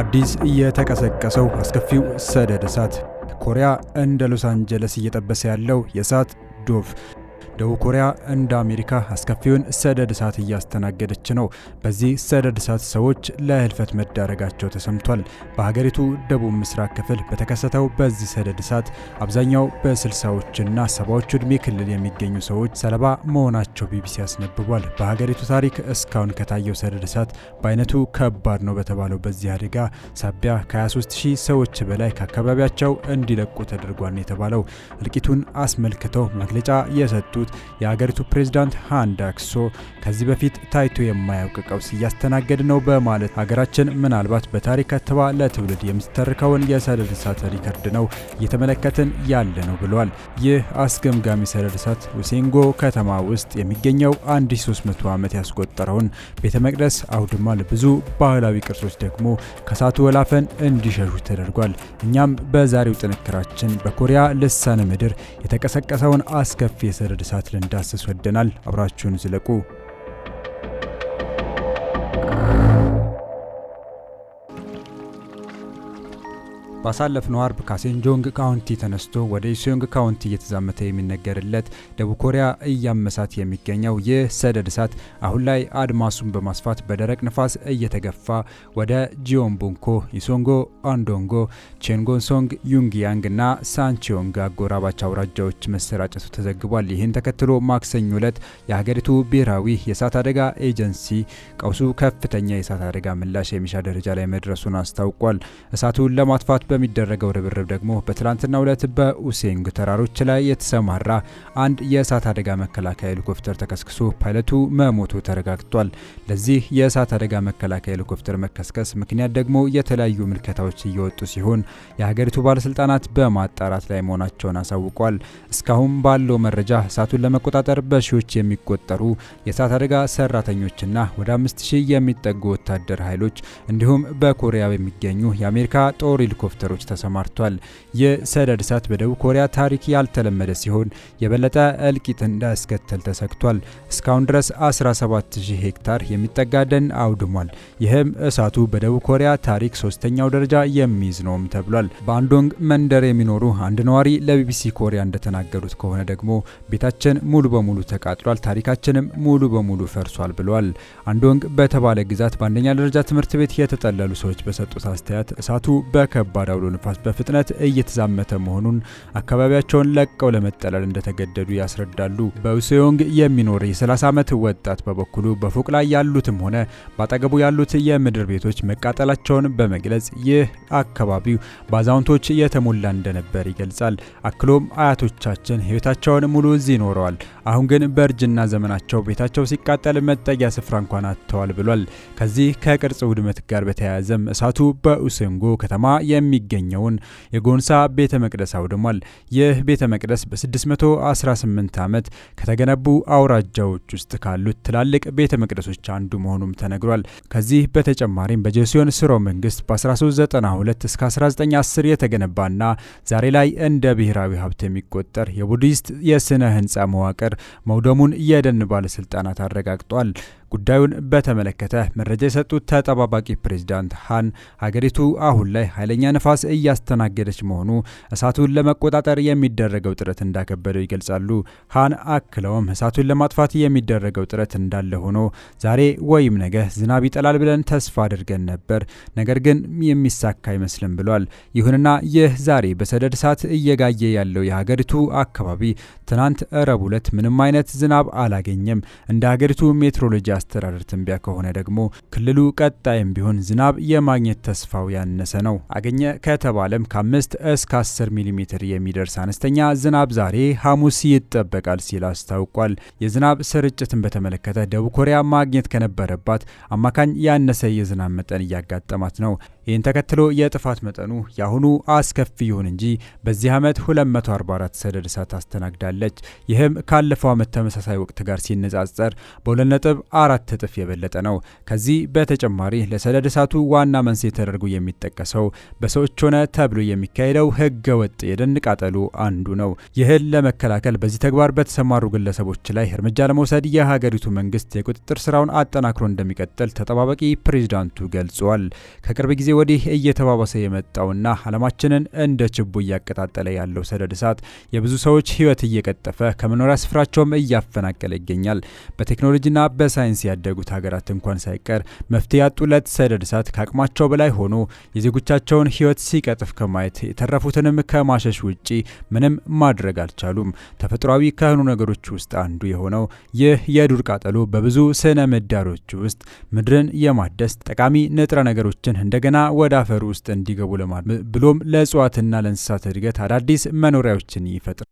አዲስ የተቀሰቀሰው አስከፊው ሰደድ እሳት ኮሪያ እንደ ሎስ አንጀለስ እየጠበሰ ያለው የእሳት ዶፍ ደቡብ ኮሪያ እንደ አሜሪካ አስከፊውን ሰደድ እሳት እያስተናገደች ነው። በዚህ ሰደድ እሳት ሰዎች ለህልፈት መዳረጋቸው ተሰምቷል። በሀገሪቱ ደቡብ ምስራቅ ክፍል በተከሰተው በዚህ ሰደድ እሳት አብዛኛው በስልሳዎችና ሰባዎቹ ዕድሜ ክልል የሚገኙ ሰዎች ሰለባ መሆናቸው ቢቢሲ አስነብቧል። በሀገሪቱ ታሪክ እስካሁን ከታየው ሰደድ እሳት በአይነቱ ከባድ ነው በተባለው በዚህ አደጋ ሳቢያ ከ23 ሺህ ሰዎች በላይ ከአካባቢያቸው እንዲለቁ ተደርጓል የተባለው እልቂቱን አስመልክተው መግለጫ የሰጡ የአገሪቱ የሀገሪቱ ፕሬዝዳንት ሃንዳክሶ ከዚህ በፊት ታይቶ የማያውቅ ቀውስ እያስተናገድ ነው በማለት ሀገራችን ምናልባት በታሪክ ከተባ ለትውልድ የምትተርከውን የሰደድ እሳት ሪከርድ ነው እየተመለከትን ያለ ነው ብለዋል። ይህ አስገምጋሚ ሰደድ እሳት ሴንጎ ከተማ ውስጥ የሚገኘው 1300 ዓመት ያስቆጠረውን ቤተ መቅደስ አውድሟል። ብዙ ባህላዊ ቅርሶች ደግሞ ከእሳቱ ወላፈን እንዲሸሹ ተደርጓል። እኛም በዛሬው ጥንክራችን በኮሪያ ልሳነ ምድር የተቀሰቀሰውን አስከፊ የሰደድ እሳት እሳት ልንዳስስ ወደናል። አብራችሁን ዝለቁ። ባሳለፍነው አርብ ካሴንጆንግ ካውንቲ ተነስቶ ወደ ኢሴዮንግ ካውንቲ እየተዛመተ የሚነገርለት ደቡብ ኮሪያ እያመሳት የሚገኘው ይህ ሰደድ እሳት አሁን ላይ አድማሱን በማስፋት በደረቅ ንፋስ እየተገፋ ወደ ጂዮንቡንኮ፣ ኢሶንጎ፣ አንዶንጎ፣ ቼንጎንሶንግ፣ ዩንግያንግ እና ሳንቺዮንግ አጎራባች አውራጃዎች መሰራጨቱ ተዘግቧል። ይህን ተከትሎ ማክሰኞ ዕለት የሀገሪቱ ብሔራዊ የእሳት አደጋ ኤጀንሲ ቀውሱ ከፍተኛ የእሳት አደጋ ምላሽ የሚሻ ደረጃ ላይ መድረሱን አስታውቋል። እሳቱን ለማጥፋት በሚደረገው ርብርብ ደግሞ በትላንትናው ዕለት በኡሴንግ ተራሮች ላይ የተሰማራ አንድ የእሳት አደጋ መከላከያ ሄሊኮፕተር ተከስክሶ ፓይለቱ መሞቱ ተረጋግጧል። ለዚህ የእሳት አደጋ መከላከያ ሄሊኮፕተር መከስከስ ምክንያት ደግሞ የተለያዩ ምልከታዎች እየወጡ ሲሆን የሀገሪቱ ባለስልጣናት በማጣራት ላይ መሆናቸውን አሳውቋል። እስካሁን ባለው መረጃ እሳቱን ለመቆጣጠር በሺዎች የሚቆጠሩ የእሳት አደጋ ሰራተኞችና ወደ አምስት ሺህ የሚጠጉ ወታደር ኃይሎች እንዲሁም በኮሪያ የሚገኙ የአሜሪካ ጦር ሄሊኮፕተር ሄሊኮፕተሮች ተሰማርቷል። ይህ ሰደድ እሳት በደቡብ ኮሪያ ታሪክ ያልተለመደ ሲሆን የበለጠ እልቂት እንዳያስከተል ተሰግቷል። እስካሁን ድረስ 170 ሄክታር የሚጠጋ ደን አውድሟል። ይህም እሳቱ በደቡብ ኮሪያ ታሪክ ሶስተኛው ደረጃ የሚይዝ ነውም ተብሏል። በአንዶንግ መንደር የሚኖሩ አንድ ነዋሪ ለቢቢሲ ኮሪያ እንደተናገሩት ከሆነ ደግሞ ቤታችን ሙሉ በሙሉ ተቃጥሏል፣ ታሪካችንም ሙሉ በሙሉ ፈርሷል ብለዋል። አንዶንግ በተባለ ግዛት በአንደኛ ደረጃ ትምህርት ቤት የተጠለሉ ሰዎች በሰጡት አስተያየት እሳቱ በከባድ አውሎ ንፋስ በፍጥነት እየተዛመተ መሆኑን አካባቢያቸውን ለቀው ለመጠለል እንደተገደዱ ያስረዳሉ። በውሴዮንግ የሚኖር የ30 ዓመት ወጣት በበኩሉ በፎቅ ላይ ያሉትም ሆነ በአጠገቡ ያሉት የምድር ቤቶች መቃጠላቸውን በመግለጽ ይህ አካባቢው በአዛውንቶች የተሞላ እንደነበር ይገልጻል። አክሎም አያቶቻችን ሕይወታቸውን ሙሉ እዚህ ይኖረዋል። አሁን ግን በእርጅና ዘመናቸው ቤታቸው ሲቃጠል መጠጊያ ስፍራ እንኳን አጥተዋል ብሏል። ከዚህ ከቅርጽ ውድመት ጋር በተያያዘም እሳቱ በኡስንጎ ከተማ የሚገኘውን የጎንሳ ቤተ መቅደስ አውድሟል። ይህ ቤተ መቅደስ በ618 ዓመት ከተገነቡ አውራጃዎች ውስጥ ካሉት ትላልቅ ቤተ መቅደሶች አንዱ መሆኑም ተነግሯል። ከዚህ በተጨማሪም በጆሲዮን ስርወ መንግስት በ1392 እስከ 1910 የተገነባና ዛሬ ላይ እንደ ብሔራዊ ሀብት የሚቆጠር የቡዲስት የስነ ህንፃ መዋቅር መውደሙን የደን ባለስልጣናት አረጋግጧል። ጉዳዩን በተመለከተ መረጃ የሰጡት ተጠባባቂ ፕሬዚዳንት ሃን ሀገሪቱ አሁን ላይ ኃይለኛ ነፋስ እያስተናገደች መሆኑ እሳቱን ለመቆጣጠር የሚደረገው ጥረት እንዳከበደው ይገልጻሉ። ሃን አክለውም እሳቱን ለማጥፋት የሚደረገው ጥረት እንዳለ ሆኖ ዛሬ ወይም ነገ ዝናብ ይጠላል ብለን ተስፋ አድርገን ነበር፣ ነገር ግን የሚሳካ አይመስልም ብሏል። ይሁንና ይህ ዛሬ በሰደድ እሳት እየጋየ ያለው የሀገሪቱ አካባቢ ትናንት እረብ ሁለት ምንም አይነት ዝናብ አላገኘም። እንደ ሀገሪቱ ሜትሮሎጂ አስተዳደር ትንቢያ ከሆነ ደግሞ ክልሉ ቀጣይም ቢሆን ዝናብ የማግኘት ተስፋው ያነሰ ነው። አገኘ ከተባለም ከአምስት እስከ 10 ሚሊሜትር የሚደርስ አነስተኛ ዝናብ ዛሬ ሐሙስ ይጠበቃል ሲል አስታውቋል። የዝናብ ስርጭትን በተመለከተ ደቡብ ኮሪያ ማግኘት ከነበረባት አማካኝ ያነሰ የዝናብ መጠን እያጋጠማት ነው። ይህን ተከትሎ የጥፋት መጠኑ የአሁኑ አስከፊ ይሁን እንጂ በዚህ ዓመት 244 ሰደድ እሳት አስተናግዳለች። ይህም ካለፈው ዓመት ተመሳሳይ ወቅት ጋር ሲነጻጸር በሁለት ነጥብ አራት እጥፍ የበለጠ ነው። ከዚህ በተጨማሪ ለሰደድ እሳቱ ዋና መንስኤ ተደርጎ የሚጠቀሰው በሰዎች ሆነ ተብሎ የሚካሄደው ህገወጥ ወጥ የደን ቃጠሎ አንዱ ነው። ይህን ለመከላከል በዚህ ተግባር በተሰማሩ ግለሰቦች ላይ እርምጃ ለመውሰድ የሀገሪቱ መንግስት የቁጥጥር ስራውን አጠናክሮ እንደሚቀጥል ተጠባባቂ ፕሬዚዳንቱ ገልጿል። ከቅርብ ጊዜ ወዲህ እየተባባሰ የመጣውና ዓለማችንን እንደ ችቦ እያቀጣጠለ ያለው ሰደድ እሳት የብዙ ሰዎች ሕይወት እየቀጠፈ ከመኖሪያ ስፍራቸውም እያፈናቀለ ይገኛል። በቴክኖሎጂና በሳይንስ ያደጉት ሀገራት እንኳን ሳይቀር መፍትሄ ያጡለት ሰደድ እሳት ከአቅማቸው በላይ ሆኖ የዜጎቻቸውን ሕይወት ሲቀጥፍ ከማየት የተረፉትንም ከማሸሽ ውጪ ምንም ማድረግ አልቻሉም። ተፈጥሯዊ ከሆኑ ነገሮች ውስጥ አንዱ የሆነው ይህ የዱር ቃጠሎ በብዙ ስነ ምህዳሮች ውስጥ ምድርን የማደስ ጠቃሚ ንጥረ ነገሮችን እንደገና ወደ አፈር ውስጥ እንዲገቡ ለማድረግ ብሎም ለእጽዋትና ለእንስሳት እድገት አዳዲስ መኖሪያዎችን ይፈጥራል።